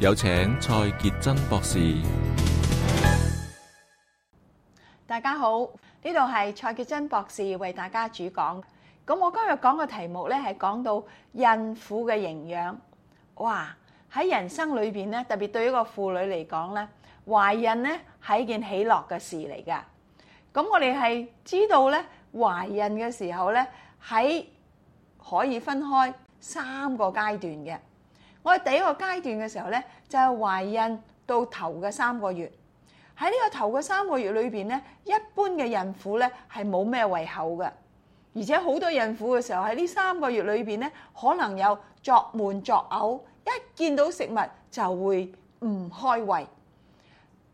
有請蔡潔貞博士。大家好，呢度係蔡潔貞博士為大家主講。咁我今日講嘅題目呢係講到孕婦嘅營養。哇！喺人生裏邊呢，特別對於一個婦女嚟講呢，懷孕呢係一件喜樂嘅事嚟噶。咁我哋係知道呢，懷孕嘅時候呢，喺可以分開三個階段嘅。我哋第一個階段嘅時候咧，就係懷孕到頭嘅三個月。喺呢個頭嘅三個月裏邊咧，一般嘅孕婦咧係冇咩胃口嘅，而且好多孕婦嘅時候喺呢三個月裏邊咧，可能有作悶作嘔，一見到食物就會唔開胃。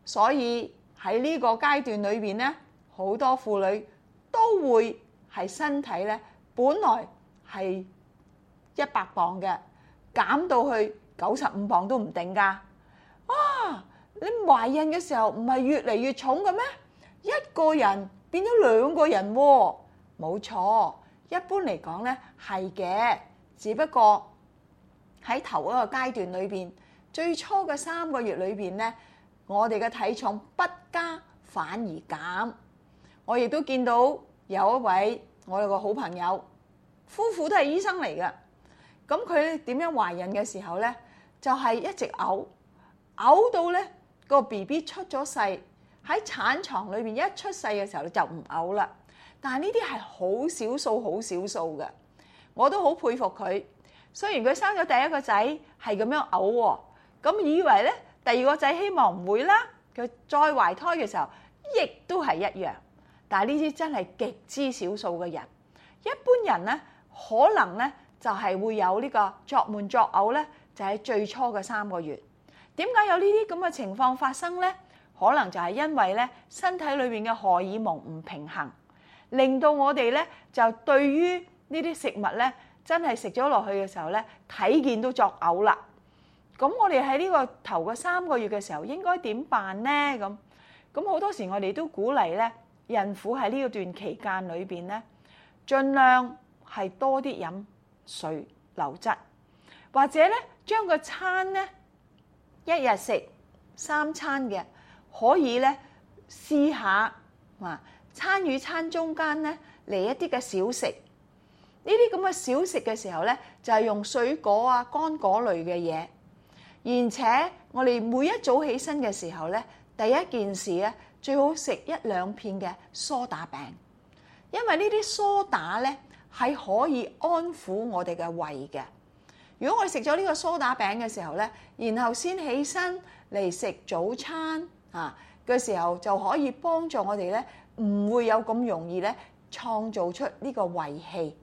所以喺呢個階段裏邊咧，好多婦女都會係身體咧，本來係一百磅嘅。減到去九十五磅都唔定㗎，啊！你懷孕嘅時候唔係越嚟越重嘅咩？一個人變咗兩個人喎，冇錯。一般嚟講呢係嘅，只不過喺頭一個階段裏邊，最初嘅三個月裏邊呢，我哋嘅體重不加反而減。我亦都見到有一位我有個好朋友，夫婦都係醫生嚟嘅。咁佢點樣懷孕嘅時候咧，就係、是、一直嘔，嘔到咧、那個 BB 出咗世喺產床裏面一出世嘅時候就唔嘔啦。但係呢啲係好少數，好少數嘅，我都好佩服佢。雖然佢生咗第一個仔係咁樣嘔、哦，咁、嗯、以為咧第二個仔希望唔會啦。佢再懷胎嘅時候亦都係一樣，但係呢啲真係極之少數嘅人，一般人咧可能咧。就係會有呢個作悶作嘔咧，就喺最初嘅三個月。點解有呢啲咁嘅情況發生咧？可能就係因為咧身體裏面嘅荷爾蒙唔平衡，令到我哋咧就對於呢啲食物咧真係食咗落去嘅時候咧，睇見都作嘔啦。咁我哋喺呢個頭個三個月嘅時候應該點辦咧？咁咁好多時我哋都鼓勵咧，孕婦喺呢個段期間裏邊咧，儘量係多啲飲。水流質，或者咧將個餐咧一日食三餐嘅，可以咧試下，話、啊、餐與餐中間咧嚟一啲嘅小食。呢啲咁嘅小食嘅時候咧，就係、是、用水果啊、乾果類嘅嘢。而且我哋每一早起身嘅時候咧，第一件事咧最好食一兩片嘅梳打餅，因為呢啲梳打咧。係可以安撫我哋嘅胃嘅。如果我哋食咗呢個梳打餅嘅時候呢，然後先起身嚟食早餐啊嘅時候，就可以幫助我哋呢唔會有咁容易呢創造出呢個胃氣。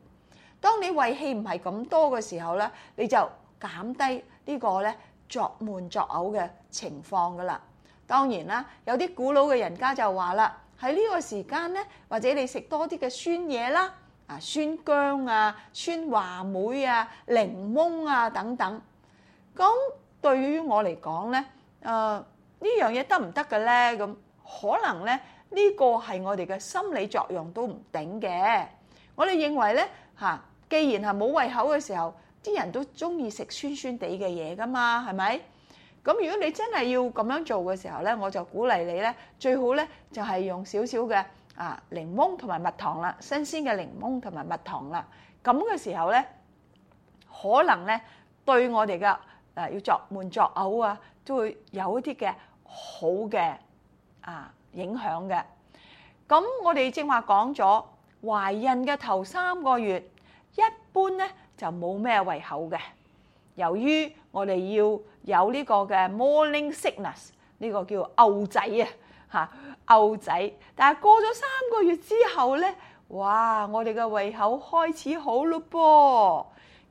當你胃氣唔係咁多嘅時候呢，你就減低呢個呢作悶作嘔嘅情況噶啦。當然啦，有啲古老嘅人家就話啦，喺呢個時間呢，或者你食多啲嘅酸嘢啦。啊，酸薑啊，酸話梅啊，檸檬啊等等。咁對於我嚟講咧，誒呢樣嘢得唔得嘅咧？咁可能咧呢個係我哋嘅心理作用都唔頂嘅。我哋認為咧嚇，既然係冇胃口嘅時候，啲人都中意食酸酸地嘅嘢噶嘛，係咪？咁如果你真係要咁樣做嘅時候咧，我就鼓勵你咧，最好咧就係用少少嘅。啊，檸檬同埋蜜糖啦，新鮮嘅檸檬同埋蜜糖啦，咁嘅時候咧，可能咧對我哋嘅誒要作悶作嘔啊，都會有一啲嘅好嘅啊影響嘅。咁我哋正話講咗，懷孕嘅頭三個月一般咧就冇咩胃口嘅，由於我哋要有呢個嘅 morning sickness，呢個叫嘔仔啊。吓，牛仔，但係過咗三個月之後咧，哇！我哋嘅胃口開始好咯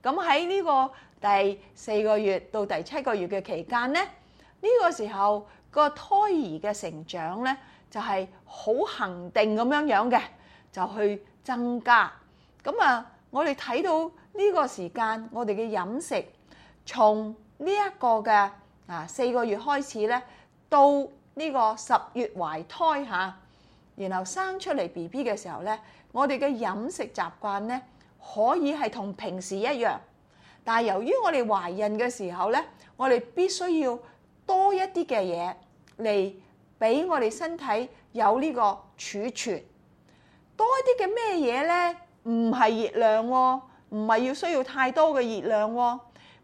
噃。咁喺呢個第四個月到第七個月嘅期間咧，呢個時候個胎兒嘅成長咧，就係好恆定咁樣樣嘅，就去增加。咁啊，我哋睇到呢個時間，我哋嘅飲食從呢一個嘅啊四個月開始咧，到。呢個十月懷胎嚇、啊，然後生出嚟 BB 嘅時候咧，我哋嘅飲食習慣咧可以係同平時一樣，但係由於我哋懷孕嘅時候咧，我哋必須要多一啲嘅嘢嚟俾我哋身體有呢個儲存，多一啲嘅咩嘢咧？唔係熱量喎、哦，唔係要需要太多嘅熱量喎、哦。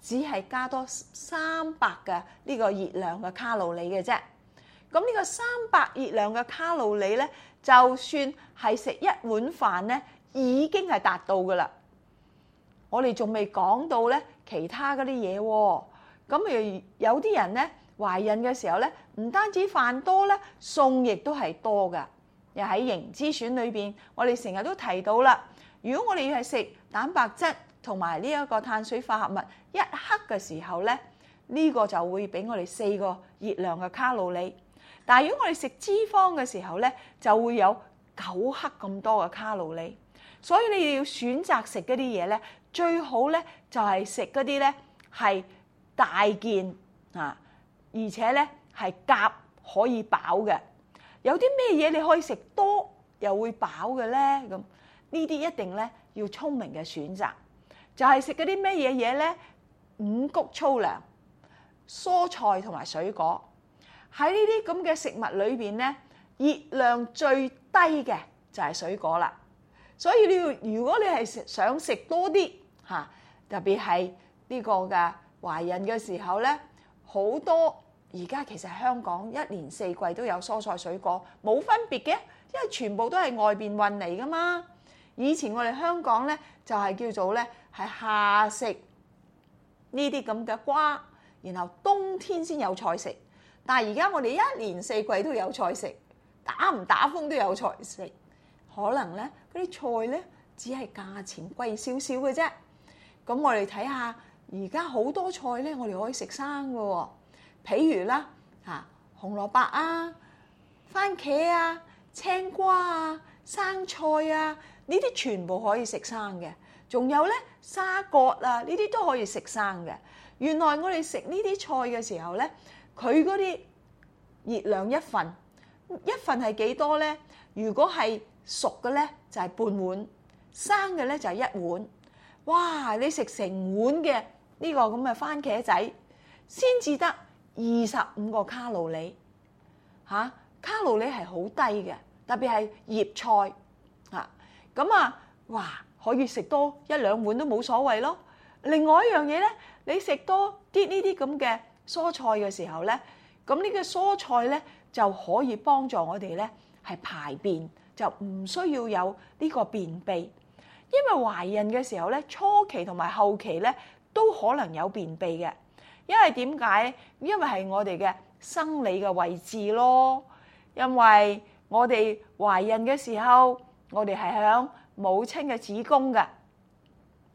只係加多三百嘅呢個熱量嘅卡路里嘅啫。咁呢個三百熱量嘅卡路里呢，就算係食一碗飯呢，已經係達到噶啦。我哋仲未講到呢其他嗰啲嘢喎。咁誒有啲人呢，懷孕嘅時候呢，唔單止飯多呢，餸亦都係多噶。又喺營養之選裏邊，我哋成日都提到啦。如果我哋要係食蛋白質。同埋呢一個碳水化合物一克嘅時候咧，呢個就會俾我哋四個熱量嘅卡路里。但係如果我哋食脂肪嘅時候咧，就會有九克咁多嘅卡路里。所以你要選擇食嗰啲嘢咧，最好咧就係食嗰啲咧係大件啊，而且咧係夾可以飽嘅。有啲咩嘢你可以食多又會飽嘅咧？咁呢啲一定咧要聰明嘅選擇。就係食嗰啲咩嘢嘢咧，五穀粗糧、蔬菜同埋水果，喺呢啲咁嘅食物裏邊咧，熱量最低嘅就係水果啦。所以你要如果你係想食多啲吓，特別係呢個嘅懷孕嘅時候咧，好多而家其實香港一年四季都有蔬菜水果，冇分別嘅，因為全部都係外邊運嚟㗎嘛。以前我哋香港咧就係叫做咧係夏食呢啲咁嘅瓜，然後冬天先有菜食。但係而家我哋一年四季都有菜食，打唔打風都有菜食。可能咧嗰啲菜咧只係價錢貴少少嘅啫。咁我哋睇下而家好多菜咧，我哋可以食生嘅，譬如啦嚇紅蘿蔔啊、番茄啊、青瓜啊、生菜啊。呢啲全部可以食生嘅，仲有咧沙葛啊，呢啲都可以食生嘅。原來我哋食呢啲菜嘅時候咧，佢嗰啲熱量一份，一份係幾多咧？如果係熟嘅咧，就係、是、半碗；生嘅咧就係、是、一碗。哇！你食成碗嘅呢、這個咁嘅番茄仔，先至得二十五個卡路里嚇、啊，卡路里係好低嘅，特別係葉菜。咁啊，哇！可以食多一兩碗都冇所謂咯。另外一樣嘢咧，你食多啲呢啲咁嘅蔬菜嘅時候咧，咁呢個蔬菜咧就可以幫助我哋咧係排便，就唔需要有呢個便秘。因為懷孕嘅時候咧，初期同埋後期咧都可能有便秘嘅，因為點解？因為係我哋嘅生理嘅位置咯，因為我哋懷孕嘅時候。我哋係喺母親嘅子宮㗎。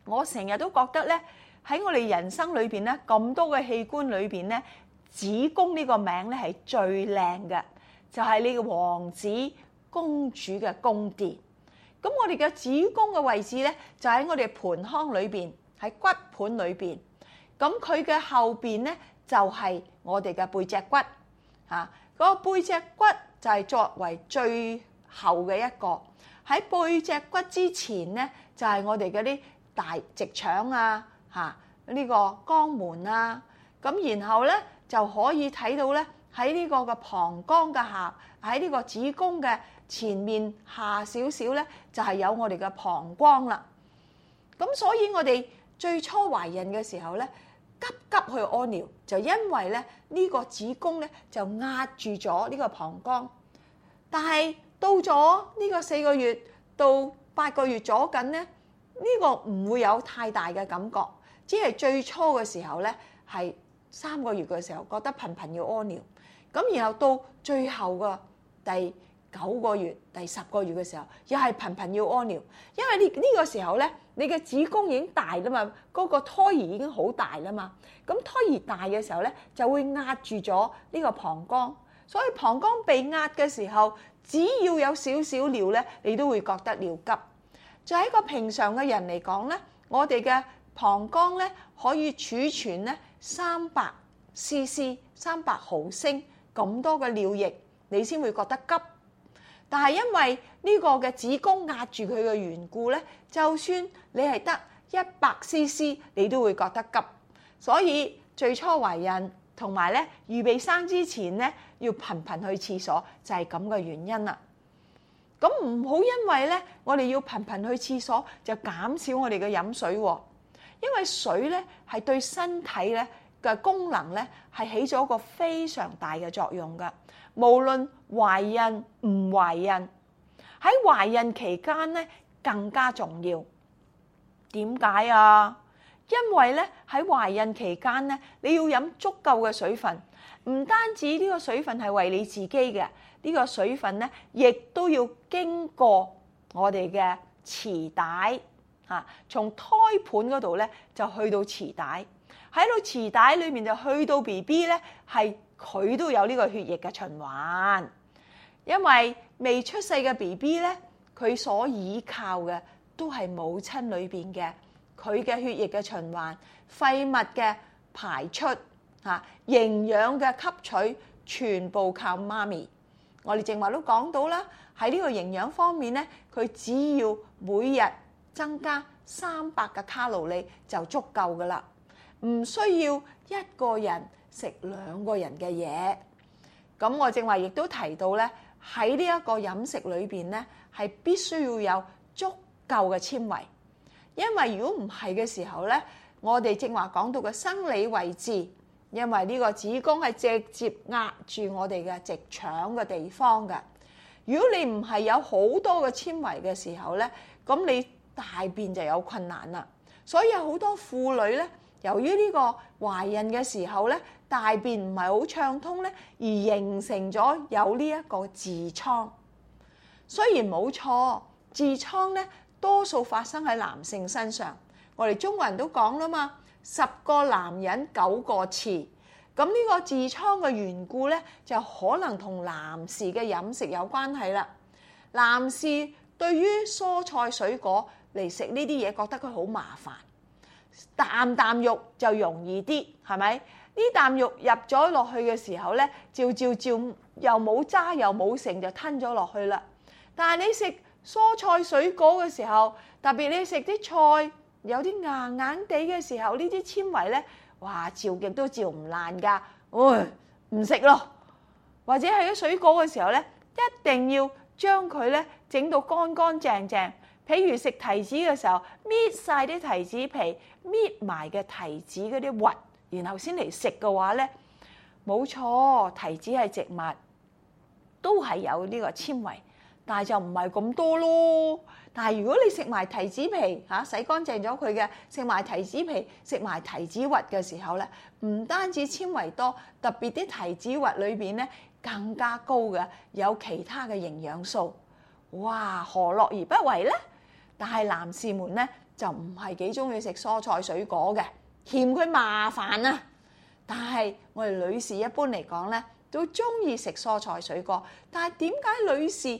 我成日都覺得咧，喺我哋人生裏邊咧，咁多嘅器官裏邊咧，子宮呢個名咧係最靚嘅，就係呢個王子公主嘅宮殿。咁我哋嘅子宮嘅位置咧，就喺我哋盆腔裏邊，喺骨盆裏邊。咁佢嘅後邊咧，就係我哋嘅背脊骨嚇。嗰個背脊骨就係作為最後嘅一個。喺背脊骨之前咧，就係我哋嗰啲大直腸啊，吓呢個肛門啊，咁然後咧就可以睇到咧喺呢個嘅膀胱嘅下，喺呢個子宮嘅前面下少少咧，就係有我哋嘅膀胱啦。咁所以我哋最初懷孕嘅時候咧，急急去屙尿，就因為咧呢個子宮咧就壓住咗呢個膀胱，但係。到咗呢個四個月到八個月左右咧，呢、這個唔會有太大嘅感覺，只係最初嘅時候咧，係三個月嘅時候覺得頻頻要屙尿。咁然後到最後嘅第九個月、第十個月嘅時候，又係頻頻要屙尿，因為你呢個時候咧，你嘅子宮已經大啦嘛，嗰、那個胎兒已經好大啦嘛。咁胎兒大嘅時候咧，就會壓住咗呢個膀胱，所以膀胱被壓嘅時候。只要有少少尿咧，你都會覺得尿急。就係一個平常嘅人嚟講咧，我哋嘅膀胱咧，可以儲存咧，三百 cc、三百毫升咁多嘅尿液，你先會覺得急。但係因為呢個嘅子宮壓住佢嘅緣故咧，就算你係得一百 cc，你都會覺得急。所以最初懷孕。同埋咧，預備生之前咧，要頻頻去廁所，就係咁嘅原因啦。咁唔好因為咧，我哋要頻頻去廁所，就減少我哋嘅飲水。因為水咧係對身體咧嘅功能咧係起咗一個非常大嘅作用㗎。無論懷孕唔懷孕，喺懷孕期間咧更加重要。點解啊？因為咧喺懷孕期間咧，你要飲足夠嘅水分，唔單止呢個水分係為你自己嘅，呢個水分咧，亦都要經過我哋嘅臍帶啊，從胎盤嗰度咧就去到臍帶，喺到臍帶裏面就去到 B B 咧，係佢都有呢個血液嘅循環，因為未出世嘅 B B 咧，佢所倚靠嘅都係母親裏邊嘅。佢嘅血液嘅循環、廢物嘅排出吓、營養嘅吸取，全部靠媽咪。我哋正話都講到啦，喺呢個營養方面咧，佢只要每日增加三百個卡路里就足夠㗎喇，唔需要一個人食兩個人嘅嘢。咁我正話亦都提到咧，喺呢一個飲食裏邊咧，係必須要有足夠嘅纖維。因為如果唔係嘅時候咧，我哋正話講到嘅生理位置，因為呢個子宮係直接壓住我哋嘅直腸嘅地方㗎。如果你唔係有好多嘅纖維嘅時候咧，咁你大便就有困難啦。所以有好多婦女咧，由於呢個懷孕嘅時候咧，大便唔係好暢通咧，而形成咗有呢一個痔瘡。雖然冇錯，痔瘡咧。多數發生喺男性身上，我哋中國人都講啦嘛，十個男人九個痔。咁呢個痔瘡嘅緣故咧，就可能同男士嘅飲食有關係啦。男士對於蔬菜水果嚟食呢啲嘢，覺得佢好麻煩，啖啖肉就容易啲，係咪？呢啖肉入咗落去嘅時候咧，照照照又冇渣又冇剩，就吞咗落去啦。但係你食。蔬菜水果嘅時候，特別你食啲菜有啲硬硬地嘅時候，呢啲纖維咧，哇，嚼極都嚼唔爛噶，唉，唔食咯。或者喺水果嘅時候咧，一定要將佢咧整到乾乾淨淨。譬如食提子嘅時候，搣晒啲提子皮，搣埋嘅提子嗰啲核，然後先嚟食嘅話咧，冇錯，提子係植物，都係有呢個纖維。但係就唔係咁多咯。但係如果你食埋提子皮吓，洗乾淨咗佢嘅，食埋提子皮，食埋提子核嘅時候咧，唔單止纖維多，特別啲提子核裏邊咧更加高嘅，有其他嘅營養素。哇！何樂而不為呢？但係男士們咧就唔係幾中意食蔬菜水果嘅，嫌佢麻煩啊。但係我哋女士一般嚟講咧都中意食蔬菜水果，但係點解女士？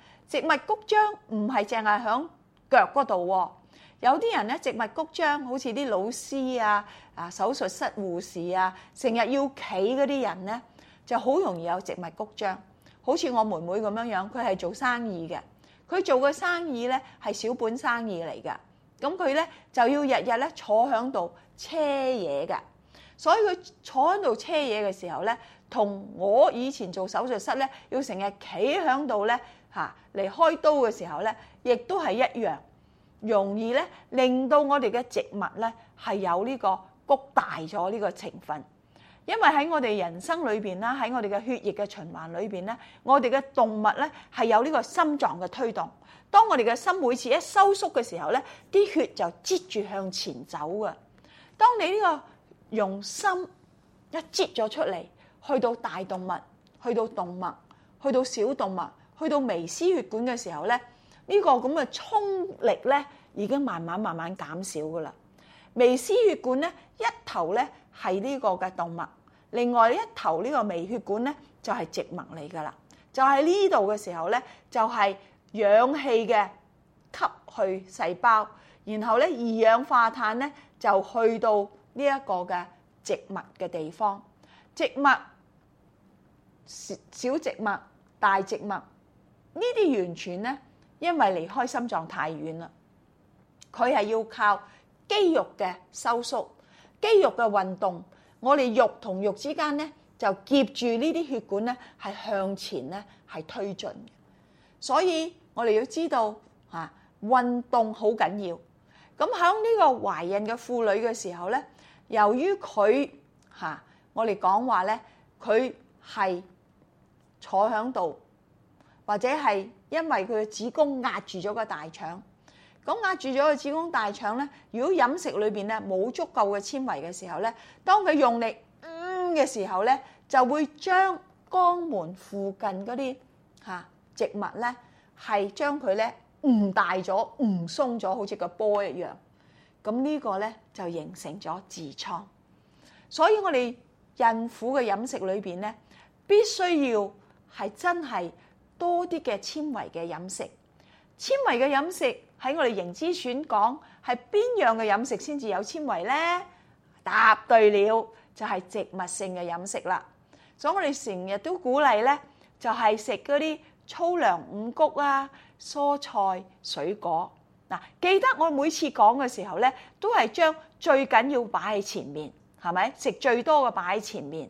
植物曲張唔係淨係響腳嗰度喎，有啲人咧植物曲張好似啲老師啊啊，手術室護士啊，成日要企嗰啲人咧就好容易有植物曲張。好似我妹妹咁樣樣，佢係做生意嘅，佢做嘅生意咧係小本生意嚟㗎，咁佢咧就要日日咧坐響度車嘢㗎，所以佢坐響度車嘢嘅時候咧，同我以前做手術室咧要成日企響度咧。吓，嚟開刀嘅時候咧，亦都係一樣，容易咧令到我哋嘅植物咧係有呢個谷大咗呢個成分。因為喺我哋人生裏邊啦，喺我哋嘅血液嘅循環裏邊咧，我哋嘅動物咧係有呢個心臟嘅推動。當我哋嘅心每次一收縮嘅時候咧，啲血就擠住向前走嘅。當你呢個用心一擠咗出嚟，去到大動物，去到動物，去到小動物。去到微絲血管嘅時候咧，呢個咁嘅衝力咧已經慢慢慢慢減少噶啦。微絲血管咧一頭咧係呢個嘅動脈，另外一頭呢個微血管咧就係植物嚟噶啦。就喺呢度嘅時候咧，就係氧氣嘅吸去細胞，然後咧二氧化碳咧就去到呢一個嘅植物嘅地方，植物、小植物、大植物。呢啲完全咧，因為離開心臟太遠啦。佢係要靠肌肉嘅收縮、肌肉嘅運動，我哋肉同肉之間咧就夾住呢啲血管咧，係向前咧係推進嘅。所以我哋要知道吓運動好緊要。咁喺呢個懷孕嘅婦女嘅時候咧，由於佢吓我哋講話咧，佢係坐喺度。或者係因為佢嘅子宮壓住咗個大腸，咁壓住咗個子宮大腸咧。如果飲食裏邊咧冇足夠嘅纖維嘅時候咧，當佢用力嗯嘅時候咧，就會將肛門附近嗰啲嚇植物咧係將佢咧膨大咗、膨鬆咗，好似個波一樣。咁呢個咧就形成咗痔瘡。所以我哋孕婦嘅飲食裏邊咧必須要係真係。多啲嘅纖維嘅飲食，纖維嘅飲食，喺我哋營養師講，係邊樣嘅飲食先至有纖維呢？答對了，就係植物性嘅飲食啦。所以我哋成日都鼓勵咧，就係食嗰啲粗糧、五穀啊、蔬菜、水果。嗱，記得我每次講嘅時候咧，都係將最緊要擺喺前面，係咪？食最多嘅擺喺前面。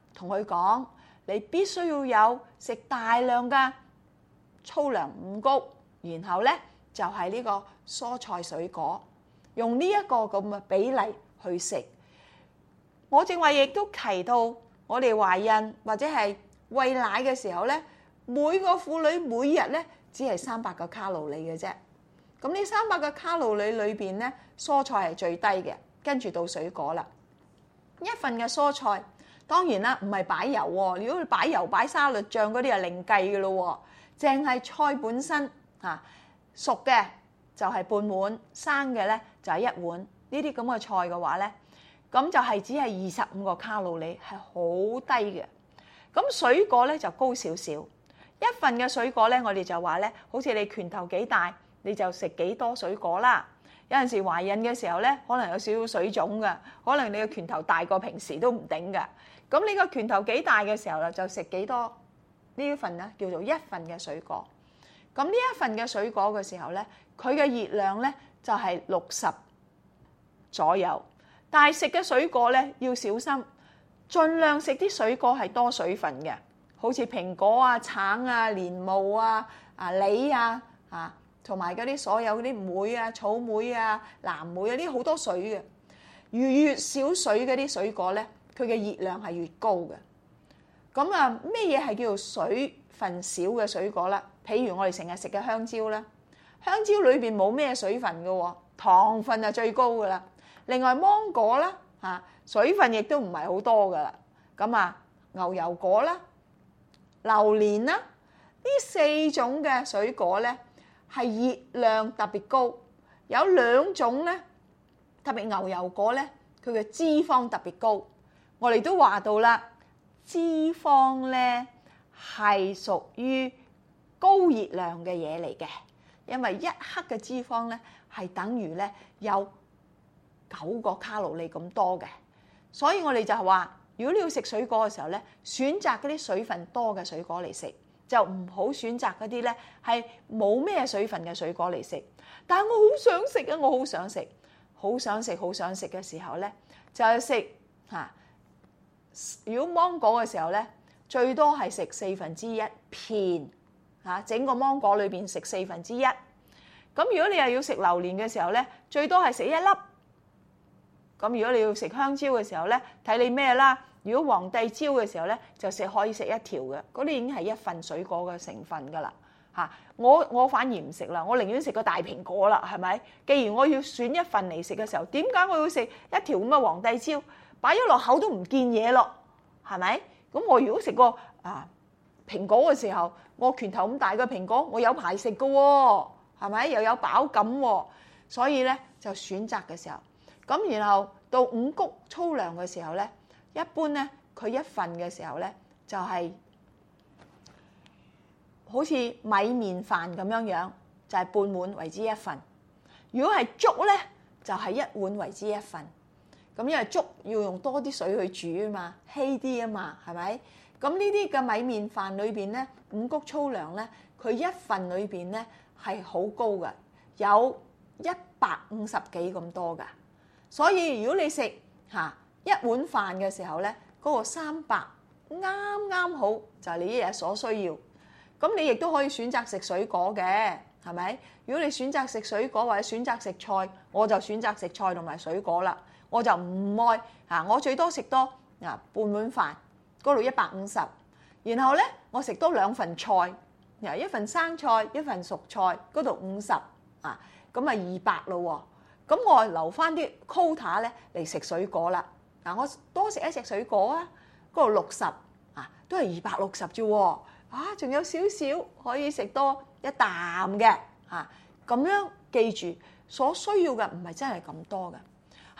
同佢講，你必須要有食大量嘅粗糧五穀，然後呢就係呢個蔬菜水果，用呢一個咁嘅比例去食。我正話亦都提到，我哋懷孕或者係餵奶嘅時候呢，每個婦女每日呢只係三百個卡路里嘅啫。咁呢三百個卡路里裏邊呢，蔬菜係最低嘅，跟住到水果啦。一份嘅蔬菜。當然啦，唔係擺油喎。如果你擺油、擺沙律醬嗰啲係另計嘅咯。喎，淨係菜本身啊，熟嘅就係半碗，生嘅咧就係一碗。呢啲咁嘅菜嘅話咧，咁就係只係二十五個卡路里，係好低嘅。咁水果咧就高少少，一份嘅水果咧，我哋就話咧，好似你拳頭幾大，你就食幾多水果啦。有陣時懷孕嘅時候咧，可能有少少水腫嘅，可能你嘅拳頭大過平時都唔頂嘅。咁你個拳頭幾大嘅時候啦，就食幾多呢一份咧，叫做一份嘅水果。咁呢一份嘅水果嘅時候咧，佢嘅熱量咧就係六十左右。但係食嘅水果咧要小心，儘量食啲水果係多水分嘅，好似蘋果啊、橙啊、蓮霧啊、啊梨啊啊，同埋嗰啲所有嗰啲梅啊、草莓啊、藍莓啊，啲好多水嘅。越少水嘅啲水果咧，佢嘅熱量係越高嘅。咁啊，咩嘢係叫做水分少嘅水果啦？譬如我哋成日食嘅香蕉啦，香蕉裏邊冇咩水分嘅喎，糖分係最高㗎啦。另外芒果啦吓，水分亦都唔係好多㗎啦。咁啊牛油果啦、榴蓮啦呢四種嘅水果咧係熱量特別高，有兩種咧特別牛油果咧，佢嘅脂肪特別高。我哋都話到啦，脂肪咧係屬於高熱量嘅嘢嚟嘅，因為一克嘅脂肪咧係等於咧有九個卡路里咁多嘅。所以我哋就係話，如果你要食水果嘅時候咧，選擇嗰啲水分多嘅水果嚟食，就唔好選擇嗰啲咧係冇咩水分嘅水果嚟食。但係我好想食啊！我好想食，好想食，好想食嘅時候咧就係食吓。如果芒果嘅時候咧，最多係食四分之一片嚇、啊，整個芒果裏邊食四分之一。咁、啊、如果你又要食榴蓮嘅時候咧，最多係食一粒。咁、啊、如果你要食香蕉嘅時候咧，睇你咩啦。如果皇帝蕉嘅時候咧，就食可以食一條嘅，嗰啲已經係一份水果嘅成分噶啦嚇。我我反而唔食啦，我寧願食個大蘋果啦，係咪？既然我要選一份嚟食嘅時候，點解我要食一條咁嘅皇帝蕉？擺咗落口都唔見嘢咯，係咪？咁我如果食個啊蘋果嘅時候，我拳頭咁大嘅蘋果，我有排食㗎喎，係咪？又有飽感喎，所以咧就選擇嘅時候，咁然後到五穀粗糧嘅時候咧，一般咧佢一份嘅時候咧就係好似米麵飯咁樣樣，就係半碗為之一份。如果係粥咧，就係一碗為之一份。咁因為粥要用多啲水去煮啊嘛，稀啲啊嘛，係咪？咁呢啲嘅米麵飯裏邊咧，五穀粗糧咧，佢一份裏邊咧係好高嘅，有一百五十幾咁多嘅。所以如果你食吓、啊，一碗飯嘅時候咧，嗰、嗰個三百啱啱好就係你一日所需要。咁你亦都可以選擇食水果嘅，係咪？如果你選擇食水果或者選擇食菜，我就選擇食菜同埋水果啦。我就唔愛啊，我最多食多啊半碗飯，嗰度一百五十。然後咧，我食多兩份菜，然後一份生菜，一份熟菜，嗰度五十啊，咁啊二百咯喎。咁我留翻啲 quota 咧嚟食水果啦。嗱，我多食一隻水果啊，嗰度六十啊，都係二百六十啫喎。啊，仲有少少可以食多一啖嘅啊。咁樣記住，所需要嘅唔係真係咁多嘅。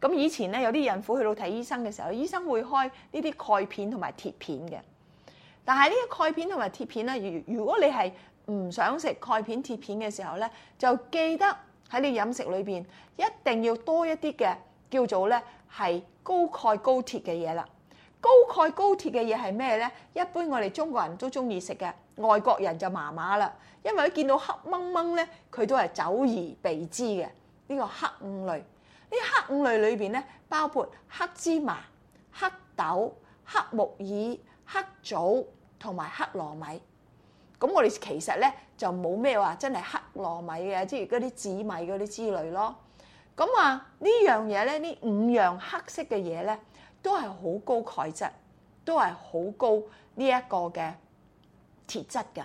咁以前咧，有啲孕婦去到睇醫生嘅時候，醫生會開呢啲鈣片同埋鐵片嘅。但係呢啲鈣片同埋鐵片咧，如如果你係唔想食鈣片鐵片嘅時候咧，就記得喺你飲食裏邊一定要多一啲嘅叫做咧係高鈣高鐵嘅嘢啦。高鈣高鐵嘅嘢係咩咧？一般我哋中國人都中意食嘅，外國人就麻麻啦，因為佢見到黑掹掹咧，佢都係走而避之嘅呢個黑五類。呢黑五類裏邊咧，包括黑芝麻、黑豆、黑木耳、黑棗同埋黑糯米。咁我哋其實咧就冇咩話真係黑糯米嘅，即係嗰啲紫米嗰啲之類咯。咁啊，話呢樣嘢咧，呢五樣黑色嘅嘢咧，都係好高鈣質，都係好高呢一個嘅鐵質嘅。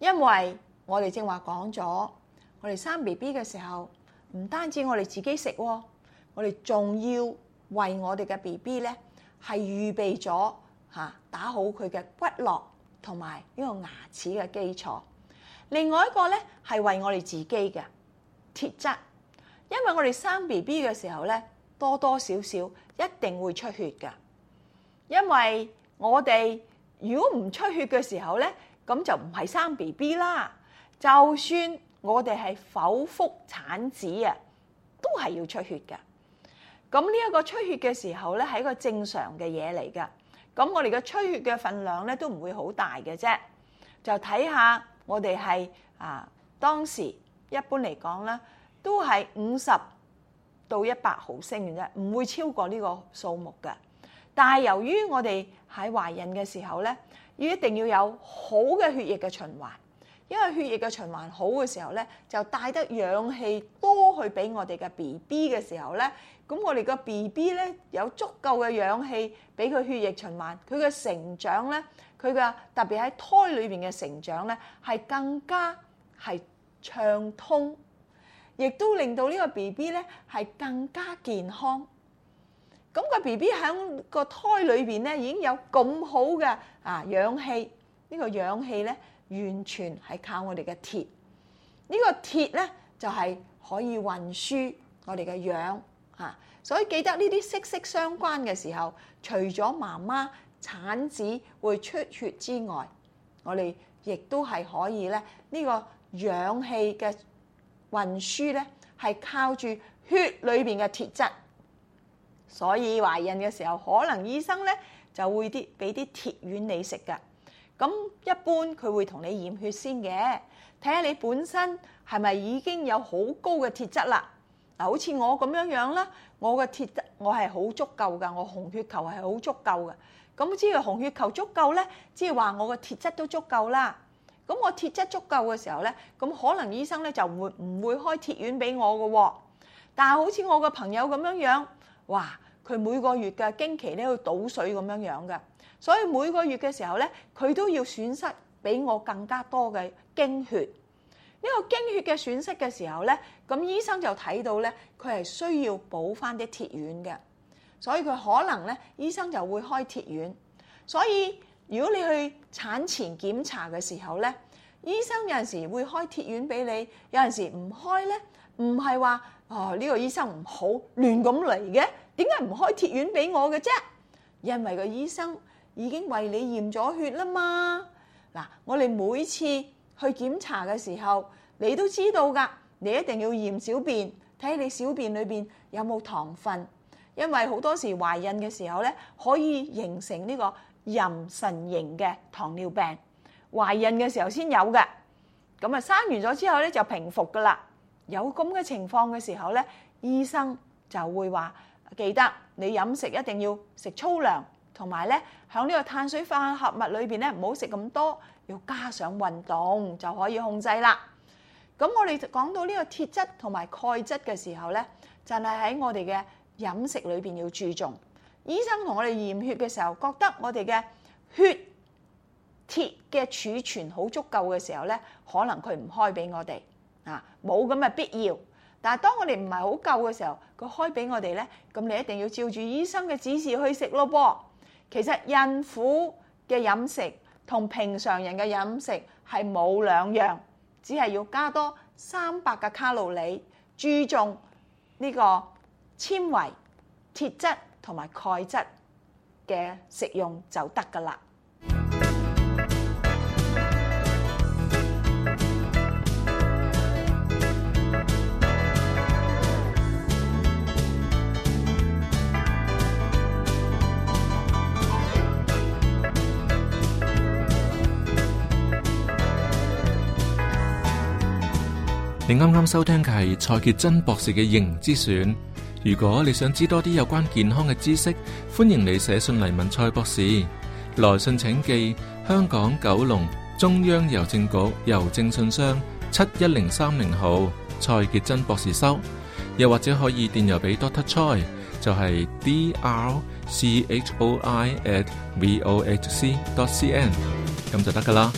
因為我哋正話講咗，我哋生 B B 嘅時候。唔單止我哋自己食，哦，我哋仲要為我哋嘅 B B 咧係預備咗嚇、啊、打好佢嘅骨骼同埋呢個牙齒嘅基礎。另外一個咧係為我哋自己嘅鐵質，因為我哋生 B B 嘅時候咧，多多少少一定會出血噶。因為我哋如果唔出血嘅時候咧，咁就唔係生 B B 啦。就算我哋係剖腹產子啊，都係要出血㗎。咁呢一個出血嘅時候呢，係一個正常嘅嘢嚟㗎。咁我哋嘅出血嘅份量呢，都唔會好大嘅啫。就睇下我哋係啊，當時一般嚟講呢，都係五十到一百毫升嘅啫，唔會超過呢個數目嘅。但係由於我哋喺懷孕嘅時候呢，要一定要有好嘅血液嘅循環。因為血液嘅循環好嘅時候咧，就帶得氧氣多去俾我哋嘅 B B 嘅時候咧，咁我哋個 B B 咧有足夠嘅氧氣俾佢血液循環，佢嘅成長咧，佢嘅特別喺胎裏邊嘅成長咧，係更加係暢通，亦都令到呢個 B B 咧係更加健康。咁個 B B 喺個胎裏邊咧已經有咁好嘅啊氧氣，呢個氧氣咧。完全係靠我哋嘅鐵，這個、鐵呢個鐵咧就係、是、可以運輸我哋嘅氧嚇，所以記得呢啲息息相關嘅時候，除咗媽媽產子會出血之外，我哋亦都係可以咧，呢、這個氧氣嘅運輸咧係靠住血裏邊嘅鐵質，所以懷孕嘅時候可能醫生咧就會啲俾啲鐵丸你食㗎。咁一般佢會同你驗血先嘅，睇下你本身係咪已經有好高嘅鐵質啦。嗱，好似我咁樣樣啦，我嘅鐵質我係好足夠噶，我紅血球係好足夠嘅。咁只要紅血球足夠咧，即係話我嘅鐵質都足夠啦。咁我鐵質足夠嘅時候咧，咁可能醫生咧就唔唔會開鐵丸俾我嘅。但係好似我嘅朋友咁樣樣，哇！佢每個月嘅經期咧去倒水咁樣樣嘅。所以每個月嘅時候咧，佢都要損失比我更加多嘅經血。呢個經血嘅損失嘅時候咧，咁醫生就睇到咧，佢係需要補翻啲鐵丸嘅。所以佢可能咧，醫生就會開鐵丸。所以如果你去產前檢查嘅時候咧，醫生有陣時會開鐵丸俾你，有陣時唔開咧，唔係話啊呢個醫生唔好亂咁嚟嘅，點解唔開鐵丸俾我嘅啫？因為個醫生。已經為你驗咗血啦嘛，嗱，我哋每次去檢查嘅時候，你都知道㗎。你一定要驗小便，睇你小便裏邊有冇糖分，因為好多時懷孕嘅時候咧，可以形成呢個妊娠型嘅糖尿病。懷孕嘅時候先有嘅，咁啊生完咗之後咧就平復㗎啦。有咁嘅情況嘅時候咧，醫生就會話記得你飲食一定要食粗糧，同埋咧。喺呢個碳水化合物裏邊咧，唔好食咁多，要加上運動就可以控制啦。咁我哋講到呢個鐵質同埋鈣質嘅時候咧，就係喺我哋嘅飲食裏邊要注重。醫生同我哋驗血嘅時候，覺得我哋嘅血鐵嘅儲存好足夠嘅時候咧，可能佢唔開俾我哋啊，冇咁嘅必要。但係當我哋唔係好夠嘅時候，佢開俾我哋咧，咁你一定要照住醫生嘅指示去食咯噃。其實孕婦嘅飲食同平常人嘅飲食係冇兩樣，只係要加多三百嘅卡路里，注重呢個纖維、鐵質同埋鈣質嘅食用就得㗎喇。你啱啱收聽嘅係蔡潔貞博士嘅《營之選》，如果你想知多啲有關健康嘅知識，歡迎你寫信嚟問蔡博士。來信請寄香港九龍中央郵政局郵政信箱七一零三零號蔡潔貞博士收，又或者可以電郵俾 Doctor Choi，就係 D R C H O I at V O H C dot C N，咁就得噶啦。